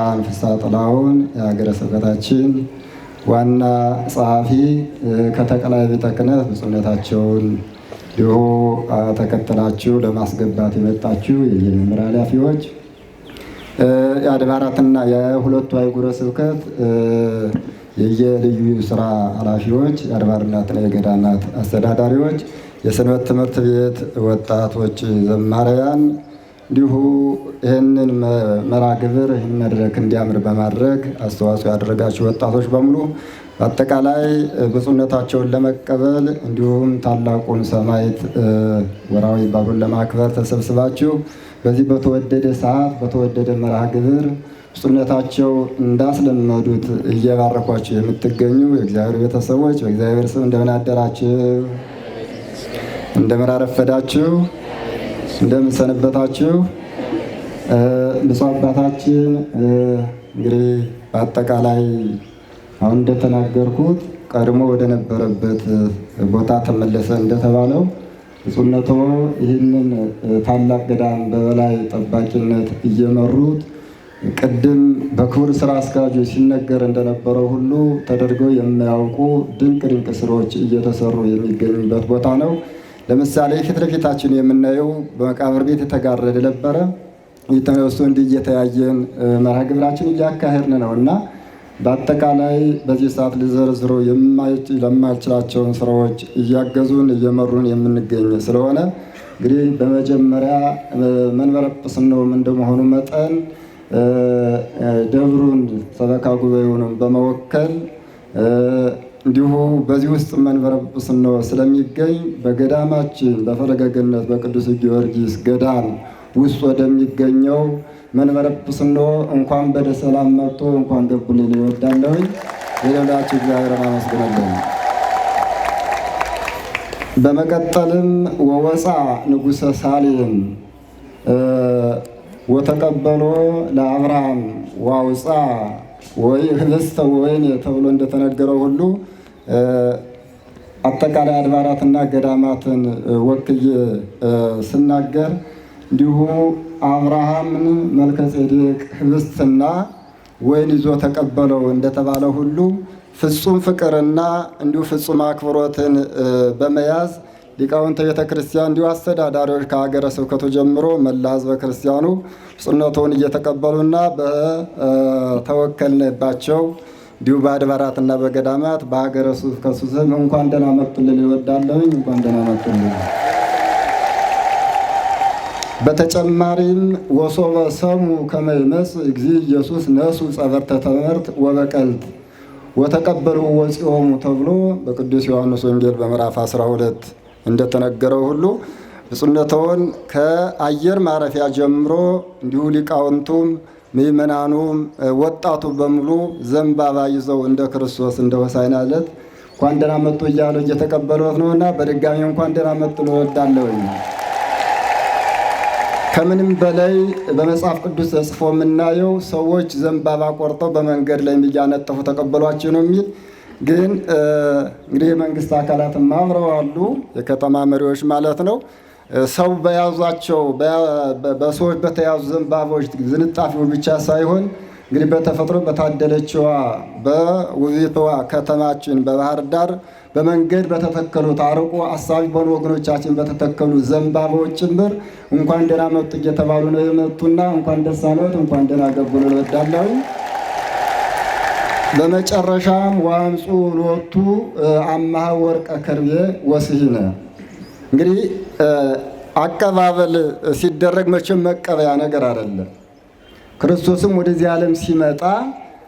አንፍሳ ጥላሁን የሀገረ ስብከታችን ዋና ጸሐፊ ከጠቅላይ ቤተ ክህነት ብፁዕነታቸውን ድሆ ተከትላችሁ ለማስገባት የመጣችሁ የመምሪያ ኃላፊዎች፣ የአድባራትና የሁለቱ አህጉረ ስብከት የየልዩ ስራ ኃላፊዎች፣ የአድባርናትና የገዳማት አስተዳዳሪዎች፣ የሰንበት ትምህርት ቤት ወጣቶች ዘማሪያን እንዲሁ ይህንን መርሃ ግብር ይህን መድረክ እንዲያምር በማድረግ አስተዋጽኦ ያደረጋችሁ ወጣቶች በሙሉ በአጠቃላይ ብፁዕነታቸውን ለመቀበል እንዲሁም ታላቁን ሰማዕት ወርሃዊ በዓሉን ለማክበር ተሰብስባችሁ በዚህ በተወደደ ሰዓት በተወደደ መርሃ ግብር ብፁዕነታቸው እንዳስለመዱት እየባረኳችሁ የምትገኙ የእግዚአብሔር ቤተሰቦች በእግዚአብሔር ስም እንደምን አደራችሁ፣ እንደምን አረፈዳችሁ። ሰነበታችሁ? ብፁዕ አባታችን እንግዲህ በአጠቃላይ አሁን እንደተናገርኩት ቀድሞ ወደ ነበረበት ቦታ ተመለሰ እንደተባለው ብፁዕነቶ ይህንን ታላቅ ገዳም በበላይ ጠባቂነት እየመሩት ቅድም በክቡር ስራ አስኪያጁ ሲነገር እንደነበረው ሁሉ ተደርገው የሚያውቁ ድንቅ ድንቅ ስራዎች እየተሰሩ የሚገኙበት ቦታ ነው። ለምሳሌ ፊት ለፊታችን የምናየው በመቃብር ቤት የተጋረደ ነበረ። እሱ እንዲህ እየተያየን መርሃ ግብራችን እያካሄድን ነው እና በአጠቃላይ በዚህ ሰዓት ልዘርዝሮ ለማልችላቸውን ስራዎች እያገዙን እየመሩን የምንገኝ ስለሆነ እንግዲህ በመጀመሪያ መንበረ ጵጵስናውም እንደመሆኑ መጠን ደብሩን ሰበካ ጉባኤውንም በመወከል እንዲሁ በዚህ ውስጥ መንበረ ጵጵስናው ስለሚገኝ በገዳማችን በፈለገ ገነት በቅዱስ ጊዮርጊስ ገዳም ውስጥ ወደሚገኘው መንበረ ጵጵስናው እንኳን በደሰላም መጥቶ እንኳን ገቡን ይወዳለሁኝ። የሌላቸው እግዚአብሔር አመሰግናለሁ። በመቀጠልም ወወፃ ንጉሰ ሳሌም ወተቀበሎ ለአብርሃም ዋውፃ ወይ ህብስተ ወይን ተብሎ እንደተነገረው ሁሉ አጠቃላይ አድባራትና ገዳማትን ወክዬ ስናገር እንዲሁ አብርሃምን መልከ ጼዴቅ ህብስትና ወይን ይዞ ተቀበለው እንደተባለ ሁሉ ፍጹም ፍቅርና እንዲሁ ፍጹም አክብሮትን በመያዝ ሊቃውንተ ቤተ ክርስቲያን እንዲሁ አስተዳዳሪዎች ከሀገረ ስብከቱ ጀምሮ መላ ህዝበ ክርስቲያኑ ፍጹምነቱን እየተቀበሉና በተወከልንባቸው እንዲሁ በአድባራትና በገዳማት በሀገረ ስብከቱ ስም እንኳን ደህና መጡልን ይወዳለሁኝ። እንኳን ደህና መጡልን። በተጨማሪም ወሶበ ሰሙ ከመ ይመጽእ እግዚእ ኢየሱስ ነሱ ጸበርተ ትምህርት ወበቀልት ወተቀበሉ ወፂኦሙ ተብሎ በቅዱስ ዮሐንስ ወንጌል በምዕራፍ 12 እንደተነገረው ሁሉ ብፁዕነትዎን ከአየር ማረፊያ ጀምሮ እንዲሁ ሊቃውንቱም ምእመናኑም ወጣቱ በሙሉ ዘንባባ ይዘው እንደ ክርስቶስ እንደ ወሳይና ዕለት እንኳን ደህና መጡ እያሉ እየተቀበሉት እና በድጋሚ እንኳን ደህና መጡ ልወዳለሁኝ። ከምንም በላይ በመጽሐፍ ቅዱስ ተጽፎ የምናየው ሰዎች ዘንባባ ቆርጠው በመንገድ ላይ እያነጠፉ ተቀበሏቸው ነው የሚል ግን እንግዲህ የመንግስት አካላትም አብረው አሉ፣ የከተማ መሪዎች ማለት ነው። ሰው በያዟቸው በሰዎች በተያዙ ዘንባቦች ዝንጣፊዎች ብቻ ሳይሆን እንግዲህ በተፈጥሮ በታደለችዋ በውቢቷ ከተማችን በባህር ዳር በመንገድ በተተከሉት አርቆ አሳቢ በሆኑ ወገኖቻችን በተተከሉ ዘንባባዎች ጭምር እንኳን ደህና መጡ እየተባሉ ነው የመጡና እንኳን ደስ አለት እንኳን ደህና ገቡ ነው እወዳለሁ። በመጨረሻም ዋንጹ ሎቱ አማሃ ወርቀ ከርቤ ወስሂነ እንግዲህ አቀባበል ሲደረግ መቼም መቀበያ ነገር አይደለም። ክርስቶስም ወደዚህ ዓለም ሲመጣ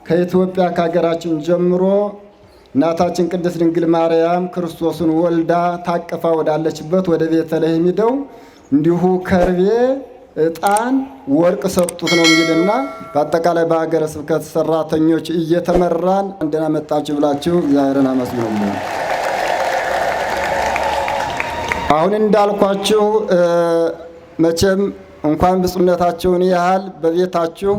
ከኢትዮጵያ ከሀገራችን ጀምሮ እናታችን ቅድስት ድንግል ማርያም ክርስቶስን ወልዳ ታቅፋ ወዳለችበት ወደ ቤተልሔም ሂደው እንዲሁ ከርቤ፣ እጣን ወርቅ ሰጡት ነው የሚልና በአጠቃላይ በሀገረ ስብከት ሰራተኞች እየተመራን እንደናመጣችሁ ብላችሁ እግዚአብሔርን አመስግኑልን። አሁን እንዳልኳችሁ መቼም እንኳን ብፁዕነታቸውን ያህል በቤታችሁ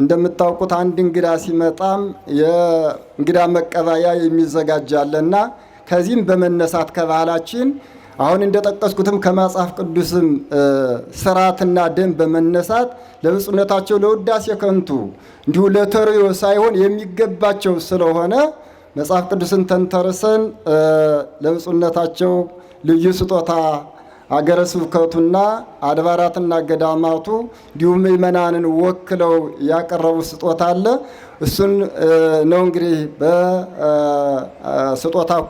እንደምታውቁት አንድ እንግዳ ሲመጣም የእንግዳ መቀበያ የሚዘጋጃለና ከዚህም በመነሳት ከባህላችን አሁን እንደጠቀስኩትም ከመጽሐፍ ቅዱስም ስርዓትና ደንብ በመነሳት ለብፁዕነታቸው ለውዳሴ ከንቱ እንዲሁ ለተሪዮ ሳይሆን የሚገባቸው ስለሆነ መጽሐፍ ቅዱስን ተንተርሰን ለብፁዕነታቸው ልዩ ስጦታ አገረ ስብከቱና አድባራትና ገዳማቱ እንዲሁም ምእመናንን ወክለው ያቀረቡ ስጦታ አለ። እሱን ነው እንግዲህ በስጦታ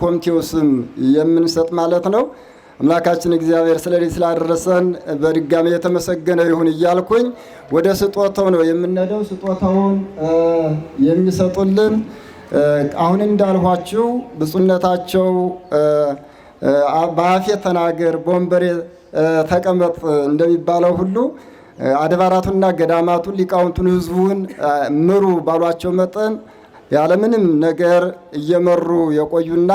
ኮሚቴው ስም የምንሰጥ ማለት ነው። አምላካችን እግዚአብሔር ስለዚህ ስላደረሰን በድጋሚ የተመሰገነ ይሁን እያልኩኝ ወደ ስጦታው ነው የምንሄደው። ስጦታውን የሚሰጡልን አሁን እንዳልኋችሁ ብፁዕነታቸው በአፌ ተናገር በወንበሬ ተቀመጥ እንደሚባለው ሁሉ አድባራቱና ገዳማቱን ሊቃውንቱን ህዝቡን ምሩ ባሏቸው መጠን ያለምንም ነገር እየመሩ የቆዩና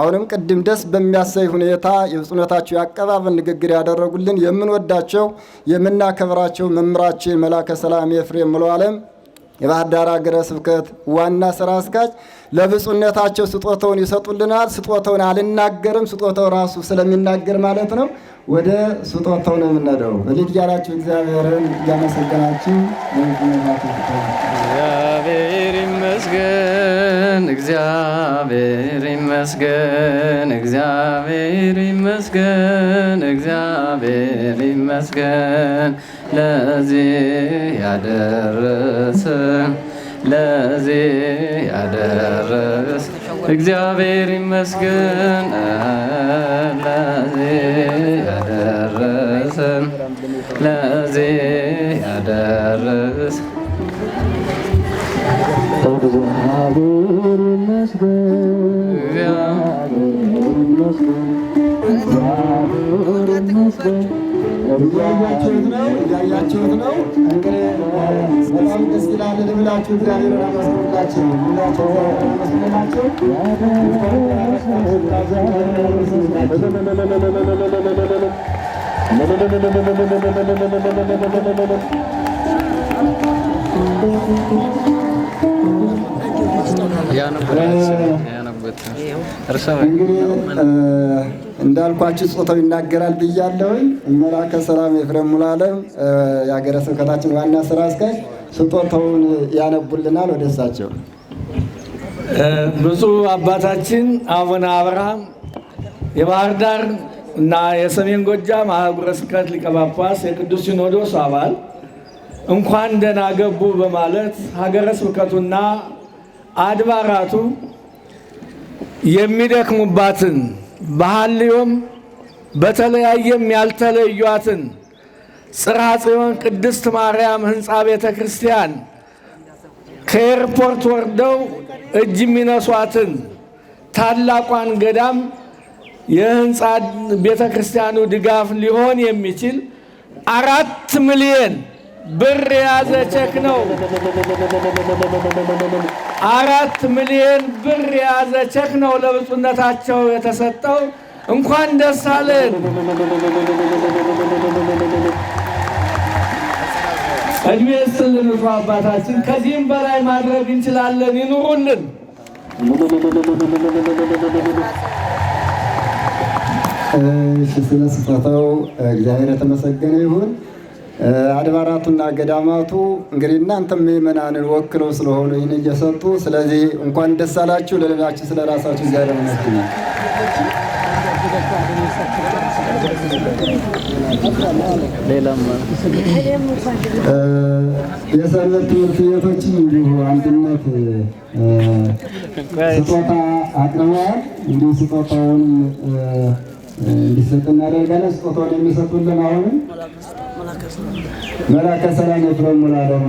አሁንም ቅድም ደስ በሚያሳይ ሁኔታ የብፁዕነታቸው የአቀባበል ንግግር ያደረጉልን የምንወዳቸው የምናከብራቸው መምህራችን መላከ ሰላም ኤፍሬም ሙሉዓለም የባህር ዳር ሀገረ ስብከት ዋና ስራ አስኪያጅ ለብፁዕነታቸው ስጦታውን ይሰጡልናል። ስጦታውን አልናገርም፣ ስጦታው ራሱ ስለሚናገር ማለት ነው። ወደ ስጦታው ነው የምንሄደው። እልል እያላችሁ እግዚአብሔርን እያመሰገናችሁ እግዚአብሔር ይመስገን፣ እግዚአብሔር ይመስገን፣ እግዚአብሔር ይመስገን፣ እግዚአብሔር ይመስገን ለዚህ ያደረሰን ለዚህ ያደረስ እግዚአብሔር ይመስገን። ለዚህ ያደረሰን ለዚህ ያደረስ ያያችሁት ነው ብላችሁ እንግዲህ እንዳልኳችሁ ጾታው ይናገራል ብያለሁኝ። መላከ ሰላም ኤፍሬም ሙሉዓለም የሀገረ ስብከታችን ዋና ስራ አስኪያጅ ስጦታውን ያነቡልናል። ወደሳቸው ብፁዕ አባታችን አቡነ አብርሃም የባህር ዳር እና የሰሜን ጎጃም አህጉረ ስብከት ሊቀ ጳጳስ የቅዱስ ሲኖዶስ አባል እንኳን ደህና ገቡ በማለት ሀገረ ስብከቱና አድባራቱ የሚደክሙባትን ባህልዮም በተለያየም ያልተለዩትን ጽርሐ ጽዮን ቅድስት ማርያም ህንፃ ቤተ ክርስቲያን ከኤርፖርት ወርደው እጅ የሚነሷትን ታላቋን ገዳም የህንፃ ቤተ ክርስቲያኑ ድጋፍ ሊሆን የሚችል አራት ሚሊዮን ብር የያዘ ቼክ ነው። አራት ሚሊዮን ብር የያዘ ቼክ ነው ለብፁዕነታቸው የተሰጠው። እንኳን ደስ አለን። እድሜ ይስጥልን እርሶ አባታችን። ከዚህም በላይ ማድረግ እንችላለን። ይኑሩልን። እሺ፣ ስለ ስጦታው እግዚአብሔር የተመሰገነ ይሁን። አድባራቱና ገዳማቱ እንግዲህ እናንተም ምእመናንን ወክለው ስለሆኑ ይህን እየሰጡ ስለዚህ እንኳን ደስ አላችሁ። ለሌላችሁ ስለ ራሳችሁ እግዚአብሔር ይመስገን። ሌላም የሰንበት ትምህርት ቤቶችም እንዲሁ አንድነት ስጦታ አቅርበዋል። እንዲሁ ስጦታውን እንዲሰጥ እናደርጋለን። ስጦታውን የሚሰጡልን አሁንም መላከ ሰላም ኤፍሬም ሙሉዓለም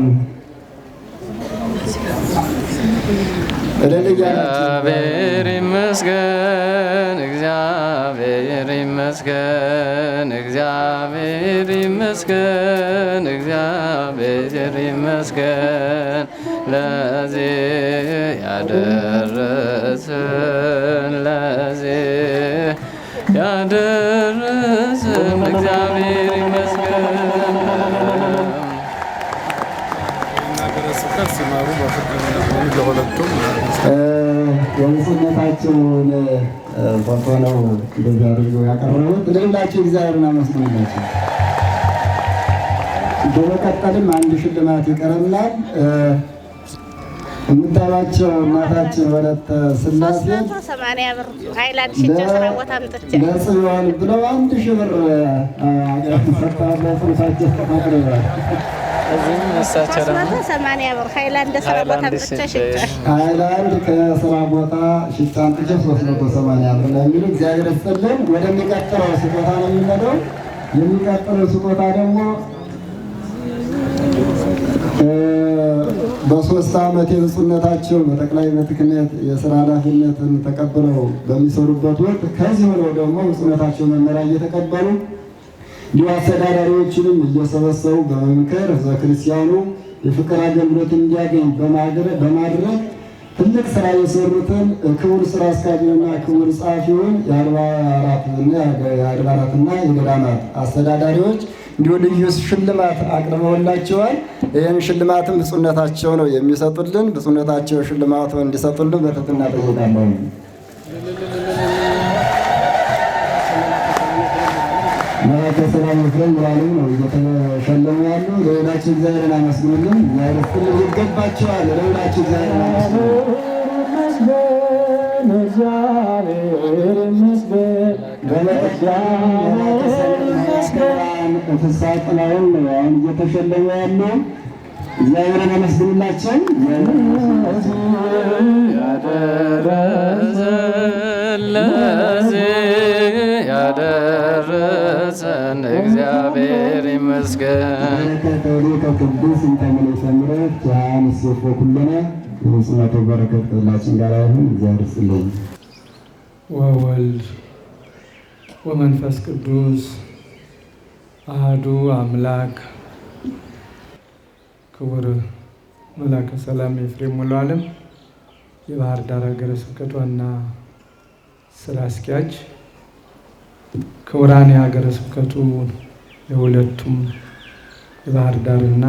እግዚአብሔር ይመስገን፣ እግዚአብሔር ይመስገን፣ እግዚአብሔር ይመስገን፣ እግዚአብሔር ይመስገን ለዚህ ያደረስን ለዚህ ያደረስን እግዚአብሔር እንዲማሩ ፎቶ ነው እንደዚህ አድርገው ያቀረቡት። ለሁላቸው እግዚአብሔርን አመስግኑላቸው። በመቀጠልም አንድ ሽልማት ይቀረናል። የምታባቸው እናታችን ወለተ ስላሴ ለጽዮን ብለው አንድ ሺህ ብር ሰጥተዋል። ጽንሳቸው ተፈቅደዋል። እዚህም እሳቸው ደግሞ ሰማንያ ብር ከስራ ቦታ ሽጫ አንጥቼ ሶስት ብር ነው እግዚአብሔር ይስጥልን። ወደሚቀጥለው ስጦታ ነው የሚመጣው። የሚቀጥለው ስጦታ ደግሞ በሶስት ዓመት የብፁዕነታቸው በጠቅላይ ቤትክህነት የስራ ኃላፊነትን ተቀብለው በሚሰሩበት ወቅት ከዚህ ሆነው ደግሞ ብፁዕነታቸው መመሪያ እየተቀበሉ እንዲሁ አስተዳዳሪዎችንም እየሰበሰቡ በመምከር ህዝበ ክርስቲያኑ የፍቅር አገልግሎት እንዲያገኝ በማድረግ ትልቅ ስራ የሰሩትን ክቡር ስራ አስኪያጁንና ክቡር ጸሐፊውን የአድባራትና የገዳማት አስተዳዳሪዎች እንዲሁ ልዩ ሽልማት አቅርበውላቸዋል። ይህን ሽልማትም ብፁዕነታቸው ነው የሚሰጡልን። ብፁዕነታቸው ሽልማቱ እንዲሰጡልን በትህትና ጠይቃለሁ። መላከ ሰላም ወፍረን ዋሉ ነው እየተሸለሙ ያሉ። ለሁላችሁ እግዚአብሔርን አመስግኑልን። እግዚአብሔር ይገባቸዋል። ለሁላችሁ እግዚአብሔርን አመስግኑ። ፍስሐ ጥላሁን ነው አሁን እየተሸለሙ ያሉ። እግዚአብሔርን አመስግኑላቸው። ያደረዘለ ታደሰን እግዚአብሔር ይመስገን። ወወልድ ወመንፈስ ቅዱስ አህዱ አምላክ። ክቡር መላከ ሰላም ኤፍሬም ሙሉ ዓለም የባህር ዳር ሀገረ ስብከት ዋና ስራ አስኪያጅ ክቡራን የሀገረ ስብከቱ የሁለቱም የባህር ዳርና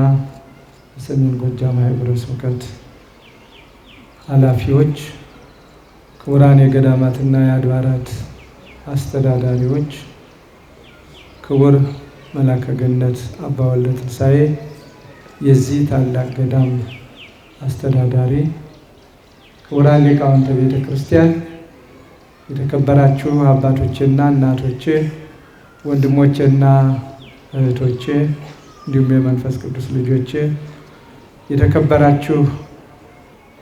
የሰሜን ጎጃም ሀገረ ስብከት ኃላፊዎች፣ ክቡራን የገዳማትና የአድባራት አስተዳዳሪዎች፣ ክቡር መላከ ገነት አባ ወልደ የዚህ ታላቅ ገዳም አስተዳዳሪ፣ ክቡራን ሊቃውንተ ቤተ ክርስቲያን የተከበራችሁ አባቶችና እናቶቼ፣ ወንድሞቼና እህቶቼ እንዲሁም የመንፈስ ቅዱስ ልጆቼ፣ የተከበራችሁ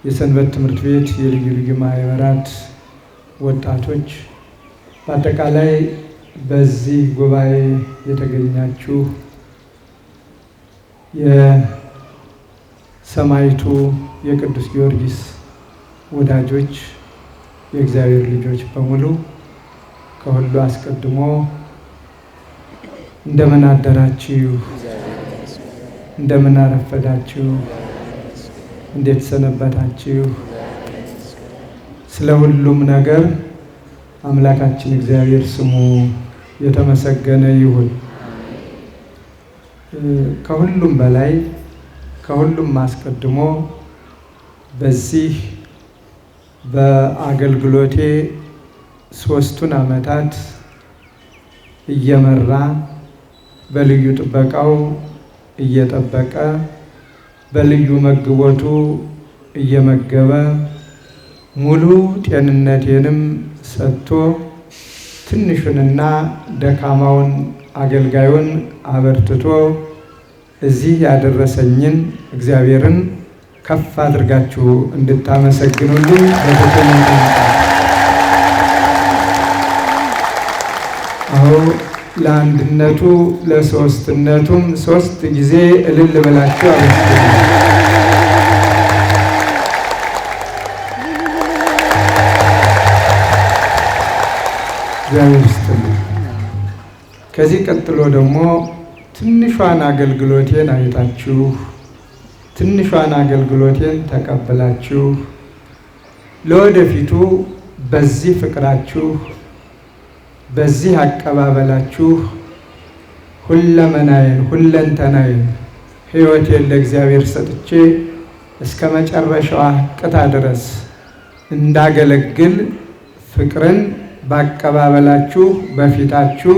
የሰንበት ትምህርት ቤት የልዩ ልዩ ማህበራት ወጣቶች፣ በአጠቃላይ በዚህ ጉባኤ የተገኛችሁ የሰማይቱ የቅዱስ ጊዮርጊስ ወዳጆች የእግዚአብሔር ልጆች በሙሉ ከሁሉ አስቀድሞ እንደምን አደራችሁ? እንደምን አረፈዳችሁ? እንዴት ሰነበታችሁ? ስለ ሁሉም ነገር አምላካችን እግዚአብሔር ስሙ የተመሰገነ ይሁን። ከሁሉም በላይ ከሁሉም አስቀድሞ በዚህ በአገልግሎቴ ሶስቱን ዓመታት እየመራ በልዩ ጥበቃው እየጠበቀ በልዩ መግቦቱ እየመገበ ሙሉ ጤንነቴንም ሰጥቶ ትንሹንና ደካማውን አገልጋዩን አበርትቶ እዚህ ያደረሰኝን እግዚአብሔርን ከፍ አድርጋችሁ እንድታመሰግኑልኝ በተገኘ አሁ ለአንድነቱ ለሶስትነቱም ሶስት ጊዜ እልል ብላችሁ አመስግኑ። ከዚህ ቀጥሎ ደግሞ ትንሿን አገልግሎቴን አይታችሁ ትንሿን አገልግሎቴን ተቀብላችሁ ለወደፊቱ በዚህ ፍቅራችሁ በዚህ አቀባበላችሁ ሁለመናዬን ሁለንተናዬን ሕይወቴን ለእግዚአብሔር ሰጥቼ እስከ መጨረሻዋ ቅታ ድረስ እንዳገለግል ፍቅርን ባቀባበላችሁ በፊታችሁ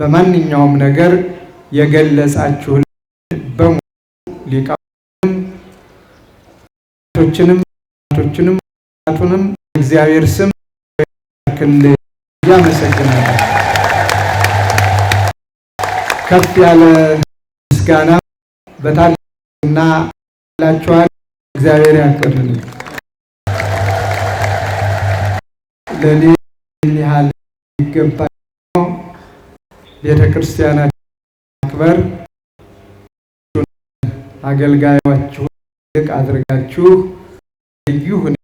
በማንኛውም ነገር የገለጻችሁ በሙሉ ሊቃ እናቶችንም ቶችንም ቱንም እግዚአብሔር ስም ክል እያመሰግናለ ከፍ ያለ ምስጋና በታላቅና ላችኋል። እግዚአብሔር ያቅርብልን። ለኔ ያህል ይገባ ቤተ ክርስቲያናችን ማክበር አገልጋዮችሁ ልቅ አድርጋችሁ በልዩ ሁኔታ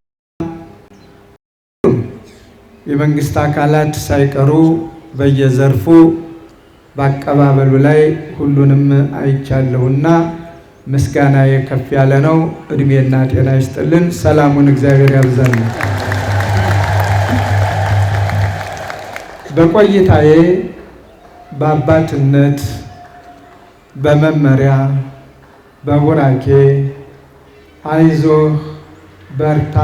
የመንግስት አካላት ሳይቀሩ በየዘርፉ በአቀባበሉ ላይ ሁሉንም አይቻለሁና ምስጋና የከፍ ያለ ነው። እድሜና ጤና ይስጥልን። ሰላሙን እግዚአብሔር ያብዛል። በቆይታዬ በአባትነት በመመሪያ በቡራኬ አይዞህ በርታ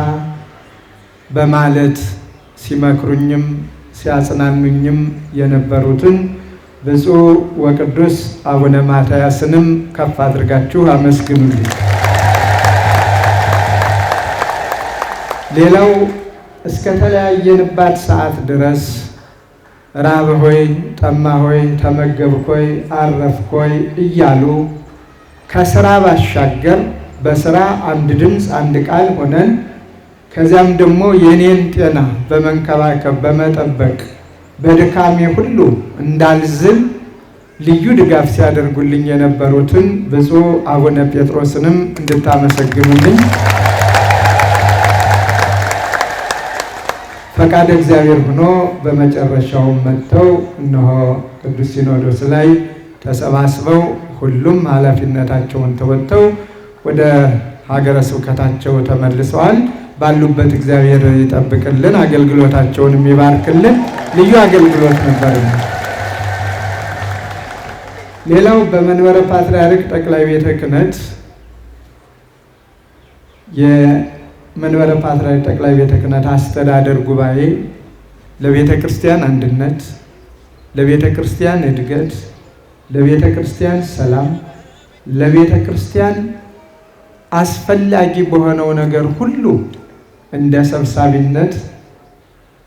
በማለት ሲመክሩኝም ሲያጽናኑኝም የነበሩትን ብፁዕ ወቅዱስ አቡነ ማትያስንም ከፍ አድርጋችሁ አመስግኑልኝ። ሌላው እስከተለያየንባት ሰዓት ድረስ ራብ ሆይ፣ ጠማ ሆይ፣ ተመገብኮይ፣ አረፍኮይ እያሉ ከስራ ባሻገር በስራ አንድ ድምፅ አንድ ቃል ሆነን ከዚያም ደግሞ የኔን ጤና በመንከባከብ በመጠበቅ በድካሜ ሁሉ እንዳልዝል ልዩ ድጋፍ ሲያደርጉልኝ የነበሩትን ብፁዕ አቡነ ጴጥሮስንም እንድታመሰግኑልኝ ፈቃድ እግዚአብሔር ሆኖ በመጨረሻው መጥተው እነሆ ቅዱስ ሲኖዶስ ላይ ተሰባስበው ሁሉም ኃላፊነታቸውን ተወጥተው ወደ ሀገረ ስብከታቸው ተመልሰዋል። ባሉበት እግዚአብሔር ይጠብቅልን፣ አገልግሎታቸውን የሚባርክልን። ልዩ አገልግሎት ነበር። ሌላው በመንበረ ፓትርያርክ ጠቅላይ ቤተ ክህነት የመንበረ ፓትርያርክ ጠቅላይ ቤተ ክህነት አስተዳደር ጉባኤ ለቤተ ክርስቲያን አንድነት፣ ለቤተ ክርስቲያን እድገት፣ ለቤተ ክርስቲያን ሰላም፣ ለቤተ ክርስቲያን አስፈላጊ በሆነው ነገር ሁሉ እንደ ሰብሳቢነት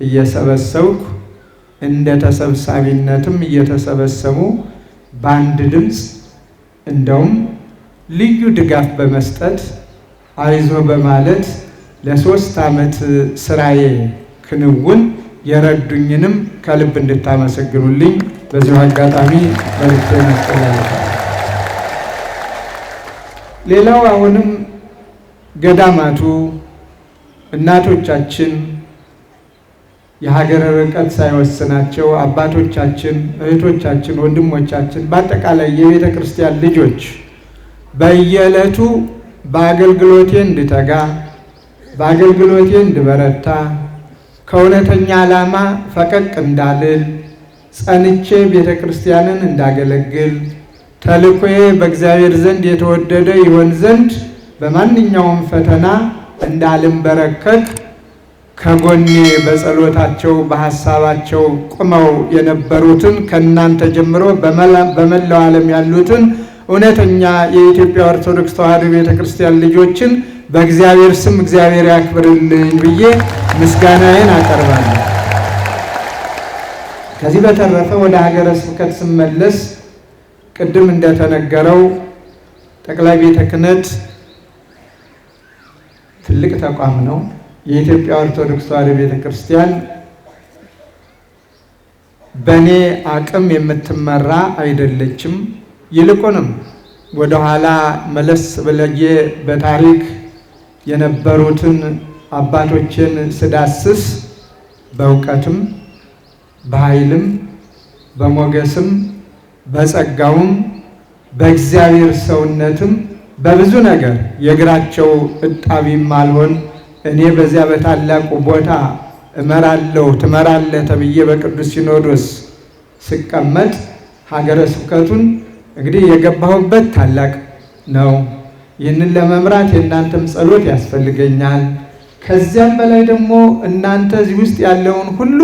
እየሰበሰብኩ እንደ ተሰብሳቢነትም እየተሰበሰቡ በአንድ ድምፅ እንደውም ልዩ ድጋፍ በመስጠት አይዞ በማለት ለሶስት ዓመት ስራዬ ክንውን የረዱኝንም ከልብ እንድታመሰግኑልኝ በዚሁ አጋጣሚ መልዕክቴን አስተላልፋለሁ። ሌላው አሁንም ገዳማቱ እናቶቻችን የሀገር ርቀት ሳይወስናቸው አባቶቻችን፣ እህቶቻችን፣ ወንድሞቻችን በአጠቃላይ የቤተ ክርስቲያን ልጆች በየዕለቱ በአገልግሎቴ እንድተጋ በአገልግሎቴ እንድበረታ ከእውነተኛ ዓላማ ፈቀቅ እንዳልል ጸንቼ ቤተ ክርስቲያንን እንዳገለግል ተልኮዬ በእግዚአብሔር ዘንድ የተወደደ ይሆን ዘንድ በማንኛውም ፈተና እንዳልንበረከክ ከጎኔ በጸሎታቸው በሐሳባቸው ቁመው የነበሩትን ከእናንተ ጀምሮ በመላው ዓለም ያሉትን እውነተኛ የኢትዮጵያ ኦርቶዶክስ ተዋሕዶ ቤተ ክርስቲያን ልጆችን በእግዚአብሔር ስም እግዚአብሔር ያክብርልኝ ብዬ ምስጋናዬን አቀርባለሁ። ከዚህ በተረፈ ወደ ሀገረ ስብከት ስመለስ ቅድም እንደተነገረው ጠቅላይ ቤተ ክህነት ትልቅ ተቋም ነው። የኢትዮጵያ ኦርቶዶክስ ተዋሕዶ ቤተ ክርስቲያን በእኔ አቅም የምትመራ አይደለችም። ይልቁንም ወደኋላ መለስ ብዬ በታሪክ የነበሩትን አባቶችን ስዳስስ በእውቀትም በኃይልም በሞገስም በጸጋውም በእግዚአብሔር ሰውነትም በብዙ ነገር የእግራቸው እጣቢም አልሆን። እኔ በዚያ በታላቁ ቦታ እመራለሁ ትመራለህ ተብዬ በቅዱስ ሲኖዶስ ስቀመጥ ሀገረ ስብከቱን እንግዲህ የገባሁበት ታላቅ ነው። ይህንን ለመምራት የእናንተም ጸሎት ያስፈልገኛል። ከዚያም በላይ ደግሞ እናንተ እዚህ ውስጥ ያለውን ሁሉ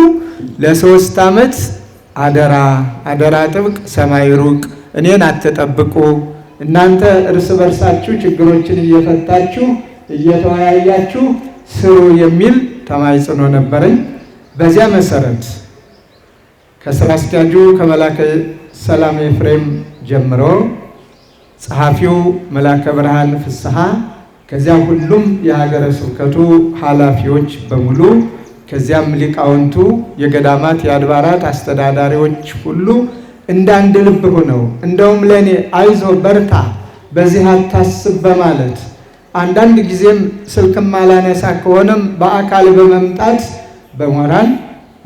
ለሶስት ዓመት አደራ አደራ ጥብቅ ሰማይ ሩቅ እኔን አትጠብቁ እናንተ እርስ በርሳችሁ ችግሮችን እየፈታችሁ እየተወያያችሁ ስሩ የሚል ተማጽኖ ነበረኝ። በዚያ መሰረት ከስራ አስኪያጁ ከመላከ ሰላም ኤፍሬም ጀምሮ ጸሐፊው መላከ ብርሃን ፍስሐ ከዚያ ሁሉም የሀገረ ስብከቱ ኃላፊዎች በሙሉ ከዚያም ሊቃውንቱ፣ የገዳማት የአድባራት አስተዳዳሪዎች ሁሉ እንደ አንድ ልብ ሆነው እንደውም ለእኔ አይዞ በርታ፣ በዚህ አታስብ በማለት አንዳንድ ጊዜም ስልክም አላነሳ ከሆነም በአካል በመምጣት በሞራል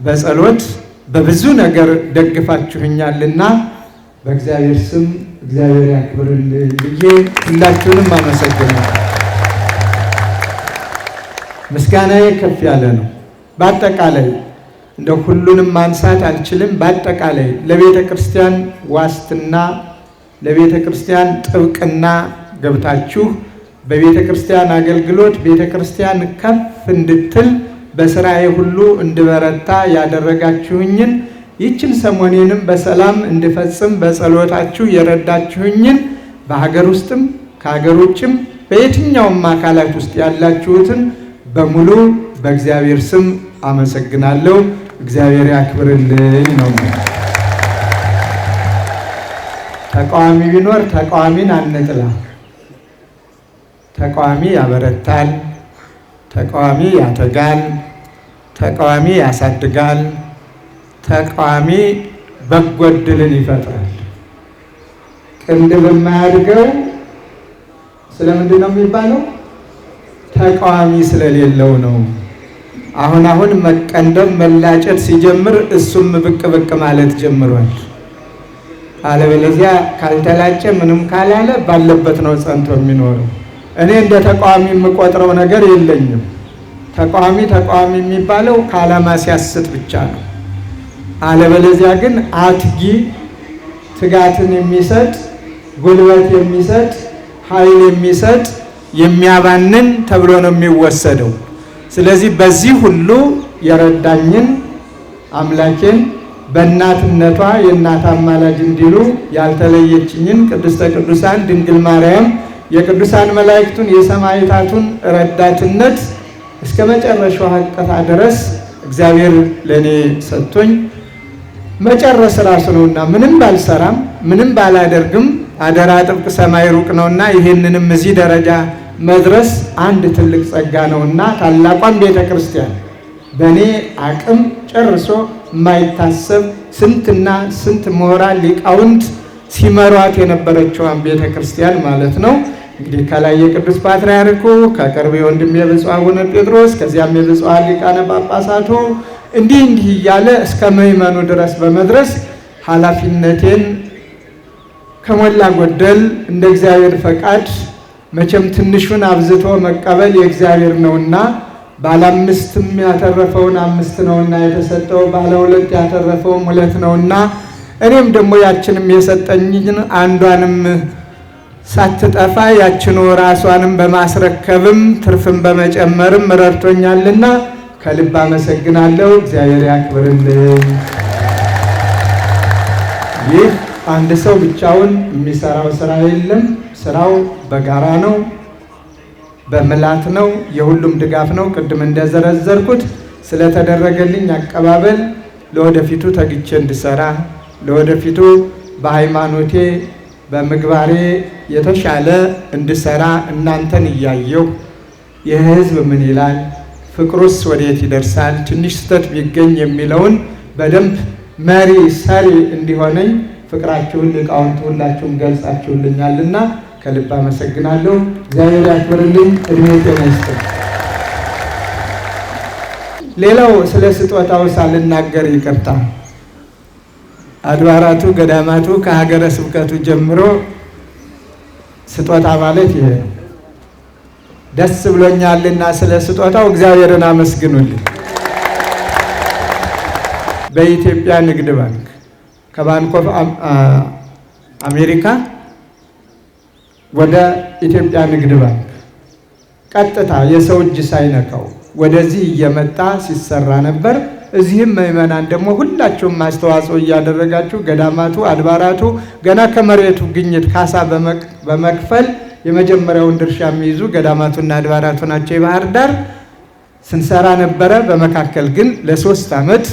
በጸሎት በብዙ ነገር ደግፋችሁኛልና በእግዚአብሔር ስም እግዚአብሔር ያክብርልኝ ብዬ ሁላችሁንም አመሰግናለሁ። ምስጋናዬ ከፍ ያለ ነው። በአጠቃላይ እንደ ሁሉንም ማንሳት አልችልም። በአጠቃላይ ለቤተ ክርስቲያን ዋስትና፣ ለቤተ ክርስቲያን ጥብቅና ገብታችሁ በቤተ ክርስቲያን አገልግሎት ቤተ ክርስቲያን ከፍ እንድትል በስራዬ ሁሉ እንድበረታ ያደረጋችሁኝን ይችን ሰሞኔንም በሰላም እንድፈጽም በጸሎታችሁ የረዳችሁኝን በሀገር ውስጥም ከሀገር ውጭም በየትኛውም አካላት ውስጥ ያላችሁትን በሙሉ በእግዚአብሔር ስም አመሰግናለሁ። እግዚአብሔር ያክብርልኝ ነው። ተቃዋሚ ቢኖር ተቃዋሚን አንጥላ። ተቃዋሚ ያበረታል፣ ተቃዋሚ ያተጋል፣ ተቃዋሚ ያሳድጋል፣ ተቃዋሚ በጎ እድልን ይፈጥራል። ቅንድብ የማያድገው ስለምንድን ነው የሚባለው? ተቃዋሚ ስለሌለው ነው። አሁን አሁን መቀንደም መላጨት ሲጀምር እሱም ብቅ ብቅ ማለት ጀምሯል። አለበለዚያ ካልተላጨ ምንም ካላለ ባለበት ነው ጸንቶ የሚኖረው። እኔ እንደ ተቃዋሚ የምቆጥረው ነገር የለኝም። ተቃዋሚ ተቃዋሚ የሚባለው ከዓላማ ሲያስት ብቻ ነው። አለበለዚያ ግን አትጊ ትጋትን የሚሰጥ ጉልበት የሚሰጥ ኃይል የሚሰጥ የሚያባንን ተብሎ ነው የሚወሰደው። ስለዚህ በዚህ ሁሉ የረዳኝን አምላኬን በእናትነቷ የእናት አማላጅ እንዲሉ ያልተለየችኝን ቅድስተ ቅዱሳን ድንግል ማርያም የቅዱሳን መላእክቱን የሰማዕታቱን ረዳትነት እስከ መጨረሻው ሀቀፋ ድረስ እግዚአብሔር ለእኔ ሰጥቶኝ መጨረስ ራሱ ነውና ምንም ባልሰራም ምንም ባላደርግም አደራ ጥብቅ ሰማይ ሩቅ ነውና ይሄንንም እዚህ ደረጃ መድረስ አንድ ትልቅ ጸጋ ነውና ታላቋን ቤተ ክርስቲያን በእኔ አቅም ጨርሶ የማይታሰብ ስንትና ስንት ምሁራን ሊቃውንት ሲመሯት የነበረችዋን ቤተ ክርስቲያን ማለት ነው። እንግዲህ ከላይ የቅዱስ ፓትርያርኩ ከቅርብ የወንድም የብፁዕ አቡነ ጴጥሮስ ከዚያም የብፁዓን ሊቃነ ጳጳሳቱ እንዲህ እንዲህ እያለ እስከ ምዕመኑ ድረስ በመድረስ ኃላፊነቴን ከሞላ ጎደል እንደ እግዚአብሔር ፈቃድ መቼም ትንሹን አብዝቶ መቀበል የእግዚአብሔር ነውና ባለ አምስትም ያተረፈውን አምስት ነውና የተሰጠው፣ ባለ ሁለት ያተረፈውም ሁለት ነውና እኔም ደግሞ ያችንም የሰጠኝን አንዷንም ሳትጠፋ ያችኑ ራሷንም በማስረከብም ትርፍን በመጨመርም ረድቶኛልና ከልብ አመሰግናለሁ። እግዚአብሔር ያክብርልኝ። ይህ አንድ ሰው ብቻውን የሚሰራው ስራ የለም። ስራው በጋራ ነው፣ በምላት ነው፣ የሁሉም ድጋፍ ነው። ቅድም እንደዘረዘርኩት ስለተደረገልኝ አቀባበል ለወደፊቱ ተግቼ እንድሰራ ለወደፊቱ በሃይማኖቴ በምግባሬ የተሻለ እንድሰራ እናንተን እያየሁ ይህ ህዝብ ምን ይላል፣ ፍቅሩስ ወዴት ይደርሳል፣ ትንሽ ስህተት ቢገኝ የሚለውን በደንብ መሪ ሰሪ እንዲሆነኝ ፍቅራችሁን ሊቃውንት ሁላችሁም ገልጻችሁልኛልና ከልብ አመሰግናለሁ። እግዚአብሔር ያክብርልኝ፣ እድሜ ጤና ሌላው ስለ ስጦታው ሳልናገር ይቅርታ። አድባራቱ ገዳማቱ ከሀገረ ስብከቱ ጀምሮ ስጦታ ማለት ይሄ ነው። ደስ ብሎኛልና ስለ ስጦታው እግዚአብሔርን አመስግኑልኝ። በኢትዮጵያ ንግድ ባንክ ከባንክ ኦፍ አሜሪካ ወደ ኢትዮጵያ ንግድ ባንክ ቀጥታ የሰው እጅ ሳይነካው ወደዚህ እየመጣ ሲሰራ ነበር። እዚህም ምዕመናን ደግሞ ሁላችሁም አስተዋጽኦ እያደረጋችሁ ገዳማቱ፣ አድባራቱ ገና ከመሬቱ ግኝት ካሳ በመክፈል የመጀመሪያውን ድርሻ የሚይዙ ገዳማቱና አድባራቱ ናቸው። የባህር ዳር ስንሰራ ነበረ። በመካከል ግን ለሶስት ዓመት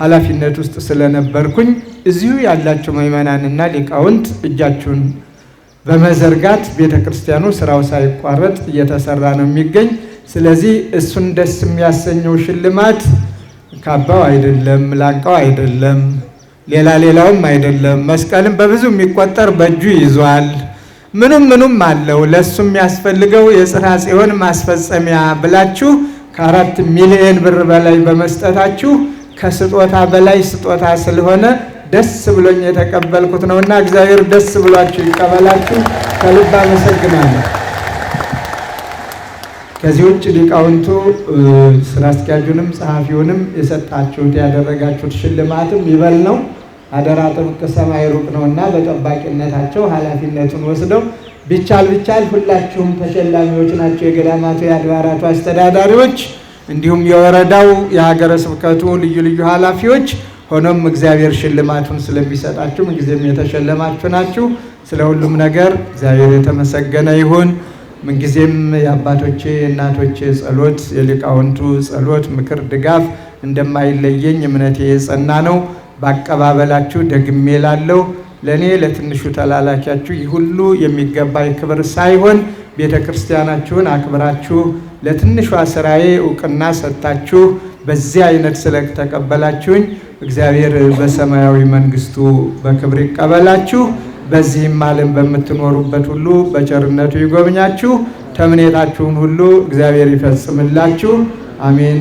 ኃላፊነት ውስጥ ስለነበርኩኝ እዚሁ ያላችሁ ምዕመናንና ሊቃውንት እጃችሁን በመዘርጋት ቤተ ክርስቲያኑ ስራው ሳይቋረጥ እየተሰራ ነው የሚገኝ። ስለዚህ እሱን ደስ የሚያሰኘው ሽልማት ካባው አይደለም፣ ላንቃው አይደለም፣ ሌላ ሌላውም አይደለም። መስቀልም በብዙ የሚቆጠር በእጁ ይዟል። ምኑም ምኑም አለው። ለእሱ የሚያስፈልገው የጽርሐ ጽዮን ማስፈጸሚያ ብላችሁ ከአራት ሚሊዮን ብር በላይ በመስጠታችሁ ከስጦታ በላይ ስጦታ ስለሆነ ደስ ብሎኝ የተቀበልኩት እና እግዚአብሔር ደስ ብሏችሁ ይቀበላችሁ። ከልብ አመሰግናለሁ። ከዚህ ውጭ ሊቃውንቱ ስራ አስኪያጁንም ጸሐፊውንም የሰጣችሁት ያደረጋችሁት ሽልማትም ይበል ነው። አደራ ጥብቅ ሰማይ ሩቅ ነውና በጠባቂነታቸው ኃላፊነቱን ወስደው ቢቻል ቢቻል ሁላችሁም ተሸላሚዎች ናቸው። የገዳማቱ የአድባራቱ አስተዳዳሪዎች፣ እንዲሁም የወረዳው የሀገረ ስብከቱ ልዩ ልዩ ኃላፊዎች ሆኖም እግዚአብሔር ሽልማቱን ስለሚሰጣችሁ ምንጊዜም የተሸለማችሁ ናችሁ። ስለ ሁሉም ነገር እግዚአብሔር የተመሰገነ ይሁን። ምንጊዜም የአባቶቼ የእናቶቼ ጸሎት፣ የሊቃውንቱ ጸሎት፣ ምክር፣ ድጋፍ እንደማይለየኝ እምነቴ የጸና ነው። በአቀባበላችሁ ደግሜ ላለው ለእኔ ለትንሹ ተላላኪያችሁ ይህ ሁሉ የሚገባኝ ክብር ሳይሆን ቤተ ክርስቲያናችሁን አክብራችሁ ለትንሿ ስራዬ እውቅና ሰጥታችሁ በዚህ አይነት ስለተቀበላችሁኝ እግዚአብሔር በሰማያዊ መንግስቱ በክብር ይቀበላችሁ። በዚህም ዓለም በምትኖሩበት ሁሉ በቸርነቱ ይጎብኛችሁ። ተምኔታችሁን ሁሉ እግዚአብሔር ይፈጽምላችሁ። አሜን።